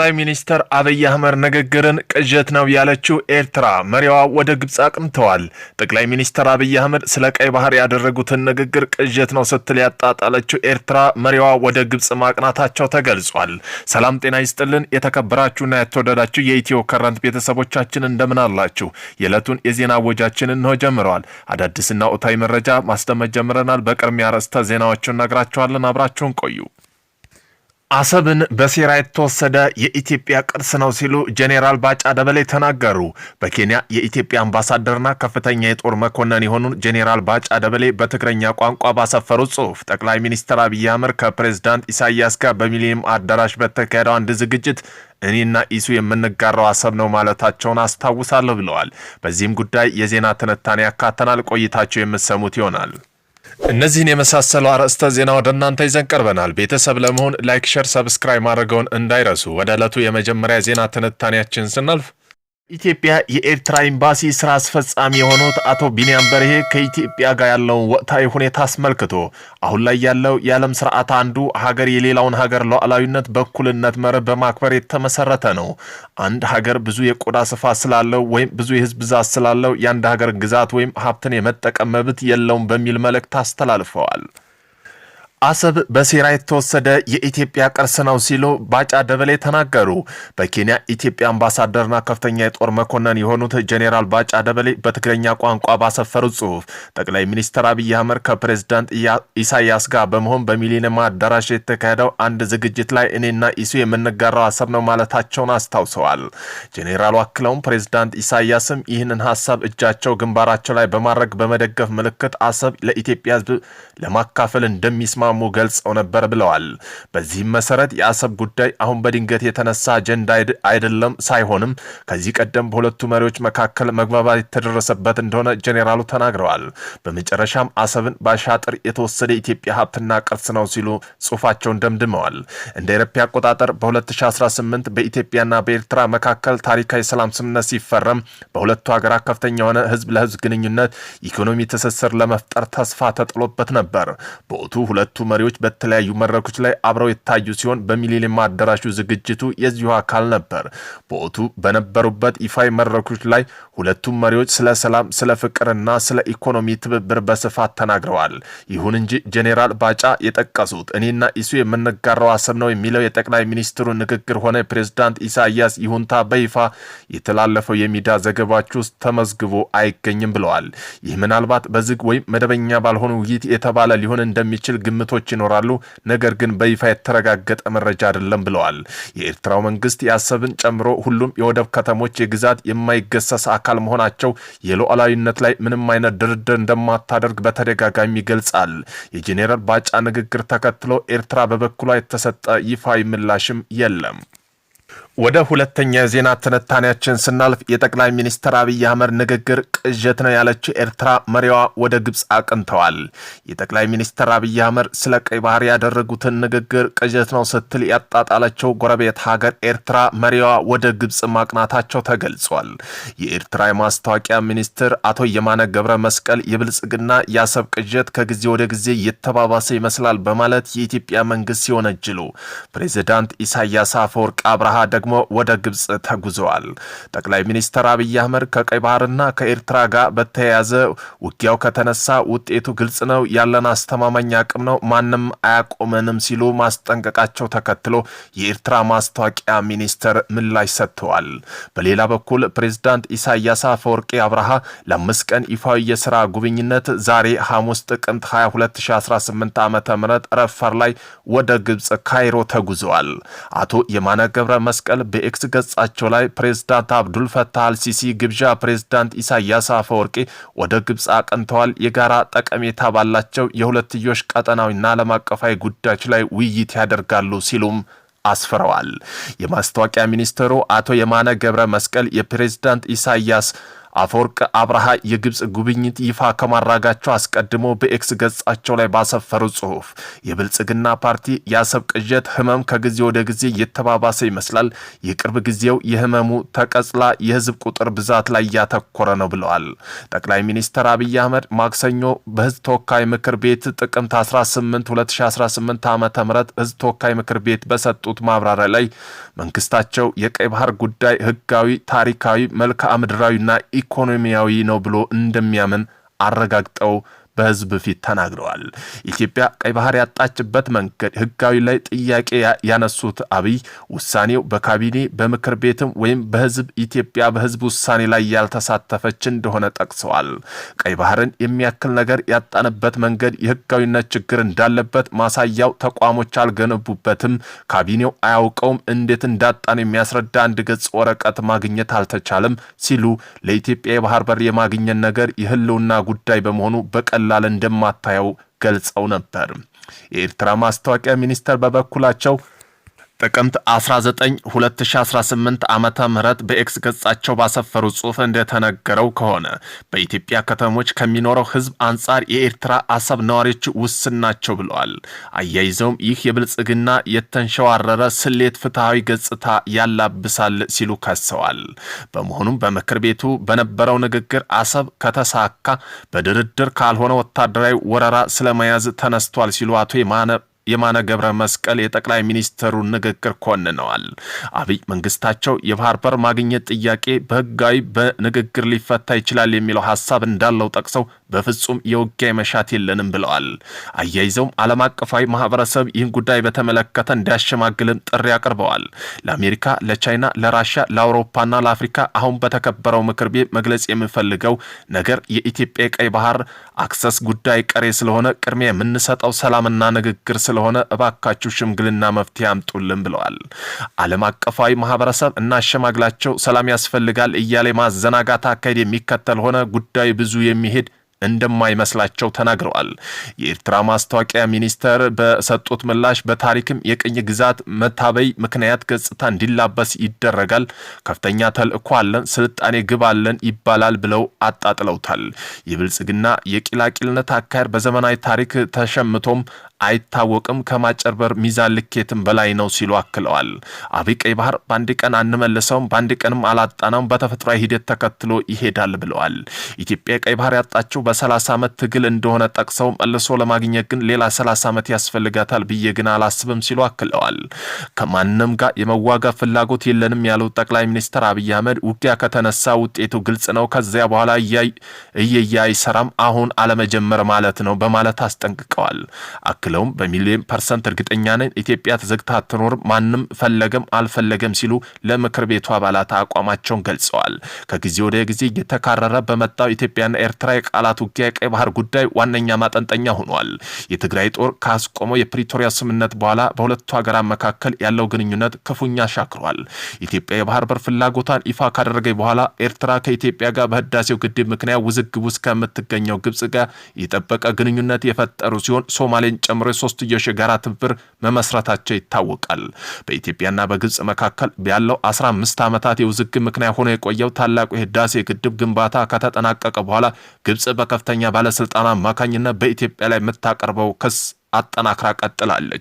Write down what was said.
ጠቅላይ ሚኒስትር አብይ አህመድ ንግግርን ቅዠት ነው ያለችው ኤርትራ መሪዋ ወደ ግብፅ አቅንተዋል። ጠቅላይ ሚኒስትር አብይ አህመድ ስለ ቀይ ባህር ያደረጉትን ንግግር ቅዠት ነው ስትል ያጣጣለችው ኤርትራ መሪዋ ወደ ግብፅ ማቅናታቸው ተገልጿል። ሰላም ጤና ይስጥልን የተከበራችሁና የተወደዳችሁ የኢትዮ ከረንት ቤተሰቦቻችን እንደምን አላችሁ? የዕለቱን የዜና ወጃችን እንሆ ጀምረዋል። አዳዲስና ኦታዊ መረጃ ማስደመጥ ጀምረናል። በቅድሚያ ርዕሰ ዜናዎቹን ነግራችኋለን። አብራችሁን ቆዩ። አሰብን በሴራ የተወሰደ የኢትዮጵያ ቅርስ ነው ሲሉ ጄኔራል ባጫ ደበሌ ተናገሩ። በኬንያ የኢትዮጵያ አምባሳደርና ከፍተኛ የጦር መኮንን የሆኑን ጄኔራል ባጫ ደበሌ በትግረኛ ቋንቋ ባሰፈሩት ጽሑፍ ጠቅላይ ሚኒስትር አብይ አህመድ ከፕሬዝዳንት ኢሳያስ ጋር በሚሊኒየም አዳራሽ በተካሄደው አንድ ዝግጅት እኔና ኢሱ የምንጋራው አሰብ ነው ማለታቸውን አስታውሳለሁ ብለዋል። በዚህም ጉዳይ የዜና ትንታኔ ያካተናል። ቆይታቸው የምትሰሙት ይሆናል። እነዚህን የመሳሰሉ አርዕስተ ዜና ወደ እናንተ ይዘን ቀርበናል። ቤተሰብ ለመሆን ላይክ፣ ሸር፣ ሰብስክራይብ ማድረገውን እንዳይረሱ። ወደ ዕለቱ የመጀመሪያ ዜና ትንታኔያችን ስናልፍ ኢትዮጵያ የኤርትራ ኤምባሲ ስራ አስፈጻሚ የሆኑት አቶ ቢንያም በርሄ ከኢትዮጵያ ጋር ያለውን ወቅታዊ ሁኔታ አስመልክቶ አሁን ላይ ያለው የዓለም ስርዓት አንዱ ሀገር የሌላውን ሀገር ሉዓላዊነት በእኩልነት መርህ በማክበር የተመሰረተ ነው። አንድ ሀገር ብዙ የቆዳ ስፋት ስላለው ወይም ብዙ የህዝብ ብዛት ስላለው የአንድ ሀገር ግዛት ወይም ሀብትን የመጠቀም መብት የለውም በሚል መልእክት አስተላልፈዋል። አሰብ በሴራ የተወሰደ የኢትዮጵያ ቅርስ ነው ሲሉ ባጫ ደበሌ ተናገሩ። በኬንያ ኢትዮጵያ አምባሳደርና ከፍተኛ የጦር መኮንን የሆኑት ጄኔራል ባጫ ደበሌ በትግረኛ ቋንቋ ባሰፈሩት ጽሁፍ ጠቅላይ ሚኒስትር አብይ አህመድ ከፕሬዝዳንት ኢሳያስ ጋር በመሆን በሚሊኒየም አዳራሽ የተካሄደው አንድ ዝግጅት ላይ እኔና ኢሱ የምንጋራው አሰብ ነው ማለታቸውን አስታውሰዋል። ጄኔራሉ አክለውም ፕሬዝዳንት ኢሳያስም ይህንን ሀሳብ እጃቸው ግንባራቸው ላይ በማድረግ በመደገፍ ምልክት አሰብ ለኢትዮጵያ ህዝብ ለማካፈል እንደሚስማ ተቋሙ ገልጸው ነበር ብለዋል። በዚህም መሰረት የአሰብ ጉዳይ አሁን በድንገት የተነሳ አጀንዳ አይደለም፣ ሳይሆንም ከዚህ ቀደም በሁለቱ መሪዎች መካከል መግባባት የተደረሰበት እንደሆነ ጄኔራሉ ተናግረዋል። በመጨረሻም አሰብን በሻጥር የተወሰደ የኢትዮጵያ ሀብትና ቅርስ ነው ሲሉ ጽሁፋቸውን ደምድመዋል። እንደ አውሮፓ አቆጣጠር በ2018 በኢትዮጵያና በኤርትራ መካከል ታሪካዊ ሰላም ስምምነት ሲፈረም በሁለቱ ሀገራት ከፍተኛ የሆነ ህዝብ ለህዝብ ግንኙነት፣ ኢኮኖሚ ትስስር ለመፍጠር ተስፋ ተጥሎበት ነበር። በወቅቱ ሁለቱ ሁለቱ መሪዎች በተለያዩ መድረኮች ላይ አብረው የታዩ ሲሆን በሚሊኒየም አዳራሹ ዝግጅቱ የዚሁ አካል ነበር። በወቅቱ በነበሩበት ይፋዊ መድረኮች ላይ ሁለቱም መሪዎች ስለ ሰላም፣ ስለ ፍቅርና ስለ ኢኮኖሚ ትብብር በስፋት ተናግረዋል። ይሁን እንጂ ጄኔራል ባጫ የጠቀሱት እኔና ኢሱ የምንጋራው አሰብ ነው የሚለው የጠቅላይ ሚኒስትሩ ንግግር ሆነ ፕሬዝዳንት ኢሳያስ ይሁንታ በይፋ የተላለፈው የሚዲያ ዘገባዎች ውስጥ ተመዝግቦ አይገኝም ብለዋል። ይህ ምናልባት በዝግ ወይም መደበኛ ባልሆነ ውይይት የተባለ ሊሆን እንደሚችል ግምት ግጭቶች ይኖራሉ፣ ነገር ግን በይፋ የተረጋገጠ መረጃ አይደለም ብለዋል። የኤርትራው መንግስት የአሰብን ጨምሮ ሁሉም የወደብ ከተሞች የግዛት የማይገሰስ አካል መሆናቸው የሉዓላዊነት ላይ ምንም አይነት ድርድር እንደማታደርግ በተደጋጋሚ ይገልጻል። የጄኔራል ባጫ ንግግር ተከትሎ ኤርትራ በበኩሏ የተሰጠ ይፋዊ ምላሽም የለም። ወደ ሁለተኛ የዜና ትንታኔያችን ስናልፍ የጠቅላይ ሚኒስትር አብይ አህመድ ንግግር ቅዠት ነው ያለችው ኤርትራ መሪዋ ወደ ግብፅ አቅንተዋል። የጠቅላይ ሚኒስትር አብይ አህመድ ስለ ቀይ ባህር ያደረጉትን ንግግር ቅዠት ነው ስትል ያጣጣለችው ጎረቤት ሀገር ኤርትራ መሪዋ ወደ ግብፅ ማቅናታቸው ተገልጿል። የኤርትራ የማስታወቂያ ሚኒስትር አቶ የማነ ገብረ መስቀል የብልጽግና የአሰብ ቅዠት ከጊዜ ወደ ጊዜ የተባባሰ ይመስላል በማለት የኢትዮጵያ መንግስት ሲወነጅሉ፣ ፕሬዚዳንት ኢሳያስ አፈወርቅ አብርሃ ደግሞ ደግሞ ወደ ግብጽ ተጉዘዋል። ጠቅላይ ሚኒስትር አብይ አህመድ ከቀይ ባህርና ከኤርትራ ጋር በተያያዘ ውጊያው ከተነሳ ውጤቱ ግልጽ ነው፣ ያለን አስተማማኝ አቅም ነው፣ ማንም አያቆመንም ሲሉ ማስጠንቀቃቸው ተከትሎ የኤርትራ ማስታወቂያ ሚኒስትር ምላሽ ሰጥተዋል። በሌላ በኩል ፕሬዝዳንት ኢሳያስ አፈወርቂ አብርሃ ለአምስት ቀን ይፋዊ የስራ ጉብኝነት ዛሬ ሐሙስ ጥቅምት 22018 ዓ ም ረፈር ላይ ወደ ግብፅ ካይሮ ተጉዘዋል። አቶ የማነ ገብረ መስቀል ሲባል በኤክስ ገጻቸው ላይ ፕሬዝዳንት አብዱል ፈታህ አልሲሲ ግብዣ ፕሬዝዳንት ኢሳያስ አፈወርቂ ወደ ግብፅ አቅንተዋል። የጋራ ጠቀሜታ ባላቸው የሁለትዮሽ ቀጠናዊና ዓለም አቀፋዊ ጉዳዮች ላይ ውይይት ያደርጋሉ ሲሉም አስፍረዋል። የማስታወቂያ ሚኒስትሩ አቶ የማነ ገብረ መስቀል የፕሬዝዳንት ኢሳያስ አፈወርቅ አብርሃ የግብፅ ጉብኝት ይፋ ከማድረጋቸው አስቀድሞ በኤክስ ገጻቸው ላይ ባሰፈሩ ጽሑፍ የብልጽግና ፓርቲ የአሰብ ቅዠት ህመም ከጊዜ ወደ ጊዜ እየተባባሰ ይመስላል። የቅርብ ጊዜው የህመሙ ተቀጽላ የህዝብ ቁጥር ብዛት ላይ እያተኮረ ነው ብለዋል። ጠቅላይ ሚኒስትር አብይ አህመድ ማክሰኞ በህዝብ ተወካይ ምክር ቤት ጥቅምት 18 2018 ዓ ም ህዝብ ተወካይ ምክር ቤት በሰጡት ማብራሪያ ላይ መንግስታቸው የቀይ ባህር ጉዳይ ህጋዊ፣ ታሪካዊ፣ መልክዓ ምድራዊና ኢኮኖሚያዊ ነው ብሎ እንደሚያምን አረጋግጠው በህዝብ ፊት ተናግረዋል። ኢትዮጵያ ቀይ ባህር ያጣችበት መንገድ ህጋዊ ላይ ጥያቄ ያነሱት አብይ ውሳኔው በካቢኔ በምክር ቤትም ወይም በህዝብ ኢትዮጵያ በህዝብ ውሳኔ ላይ ያልተሳተፈች እንደሆነ ጠቅሰዋል። ቀይ ባህርን የሚያክል ነገር ያጣንበት መንገድ የህጋዊነት ችግር እንዳለበት ማሳያው ተቋሞች አልገነቡበትም፣ ካቢኔው አያውቀውም፣ እንዴት እንዳጣን የሚያስረዳ አንድ ገጽ ወረቀት ማግኘት አልተቻለም ሲሉ ለኢትዮጵያ የባህር በር የማግኘት ነገር የህልውና ጉዳይ በመሆኑ በቀላል ቀላል እንደማታየው ገልጸው ነበር። የኤርትራ ማስታወቂያ ሚኒስተር በበኩላቸው ጥቅምት 19 2018 ዓመተ በኤክስ ገጻቸው ባሰፈሩ ጽሑፍ እንደተነገረው ከሆነ በኢትዮጵያ ከተሞች ከሚኖረው ሕዝብ አንጻር የኤርትራ አሰብ ነዋሪዎች ውስን ናቸው ብለዋል። አያይዘውም ይህ የብልጽግና የተንሸዋረረ ስሌት ፍትሐዊ ገጽታ ያላብሳል ሲሉ ከሰዋል። በመሆኑም በምክር ቤቱ በነበረው ንግግር አሰብ ከተሳካ በድርድር ካልሆነ ወታደራዊ ወረራ ስለመያዝ ተነስቷል ሲሉ አቶ የማነ የማነ ገብረ መስቀል የጠቅላይ ሚኒስትሩን ንግግር ኮንነዋል። አብይ መንግስታቸው የባህር በር ማግኘት ጥያቄ በህጋዊ በንግግር ሊፈታ ይችላል የሚለው ሀሳብ እንዳለው ጠቅሰው በፍጹም የውጊያ መሻት የለንም ብለዋል። አያይዘውም ዓለም አቀፋዊ ማህበረሰብ ይህን ጉዳይ በተመለከተ እንዲያሸማግልም ጥሪ አቅርበዋል። ለአሜሪካ፣ ለቻይና፣ ለራሽያ፣ ለአውሮፓና ለአፍሪካ አሁን በተከበረው ምክር ቤት መግለጽ የምፈልገው ነገር የኢትዮጵያ የቀይ ባህር አክሰስ ጉዳይ ቀሬ ስለሆነ ቅድሚያ የምንሰጠው ሰላምና ንግግር ስለ ስለሆነ እባካችሁ ሽምግልና መፍትሄ አምጡልን ብለዋል። ዓለም አቀፋዊ ማህበረሰብ እናሸማግላቸው፣ ሰላም ያስፈልጋል እያለ ማዘናጋት አካሄድ የሚከተል ሆነ ጉዳዩ ብዙ የሚሄድ እንደማይመስላቸው ተናግረዋል። የኤርትራ ማስታወቂያ ሚኒስተር በሰጡት ምላሽ በታሪክም የቅኝ ግዛት መታበይ ምክንያት ገጽታ እንዲላበስ ይደረጋል፣ ከፍተኛ ተልእኮ አለን፣ ስልጣኔ ግብ አለን ይባላል ብለው አጣጥለውታል። የብልጽግና የቂላቂልነት አካሄድ በዘመናዊ ታሪክ ተሸምቶም አይታወቅም፣ ከማጨርበር ሚዛን ልኬትም በላይ ነው ሲሉ አክለዋል። አብይ ቀይ ባህር በአንድ ቀን አንመልሰውም፣ በአንድ ቀንም አላጣናውም፣ በተፈጥሯዊ ሂደት ተከትሎ ይሄዳል ብለዋል። ኢትዮጵያ ቀይ ባህር ያጣችው በ30 ዓመት ትግል እንደሆነ ጠቅሰው መልሶ ለማግኘት ግን ሌላ ሰላሳ ዓመት ያስፈልጋታል ብዬ ግን አላስብም ሲሉ አክለዋል። ከማንም ጋር የመዋጋ ፍላጎት የለንም ያሉት ጠቅላይ ሚኒስትር አብይ አህመድ ውጊያ ከተነሳ ውጤቱ ግልጽ ነው፣ ከዚያ በኋላ እየየ አይሰራም፣ አሁን አለመጀመር ማለት ነው በማለት አስጠንቅቀዋል። አክለውም በሚሊዮን ፐርሰንት እርግጠኛ ነን ኢትዮጵያ ተዘግታ አትኖርም፣ ማንም ፈለገም አልፈለገም ሲሉ ለምክር ቤቱ አባላት አቋማቸውን ገልጸዋል። ከጊዜ ወደ ጊዜ እየተካረረ በመጣው ኢትዮጵያና ኤርትራ የቃላት ውጊያ የቀይ ባህር ጉዳይ ዋነኛ ማጠንጠኛ ሆኗል። የትግራይ ጦር ካስቆመው የፕሪቶሪያ ስምምነት በኋላ በሁለቱ ሀገራት መካከል ያለው ግንኙነት ክፉኛ ሻክሯል። ኢትዮጵያ የባህር በር ፍላጎቷን ይፋ ካደረገኝ በኋላ ኤርትራ ከኢትዮጵያ ጋር በህዳሴው ግድብ ምክንያት ውዝግብ ውስጥ ከምትገኘው ግብጽ ጋር የጠበቀ ግንኙነት የፈጠሩ ሲሆን ሶማሌን ጨምሮ ጨምሮ የሶስትዮሽ የጋራ ትብብር መመስረታቸው ይታወቃል። በኢትዮጵያና በግብፅ መካከል ያለው 15 ዓመታት የውዝግብ ምክንያት ሆኖ የቆየው ታላቁ የህዳሴ ግድብ ግንባታ ከተጠናቀቀ በኋላ ግብፅ በከፍተኛ ባለስልጣን አማካኝነት በኢትዮጵያ ላይ የምታቀርበው ክስ አጠናክራ ቀጥላለች።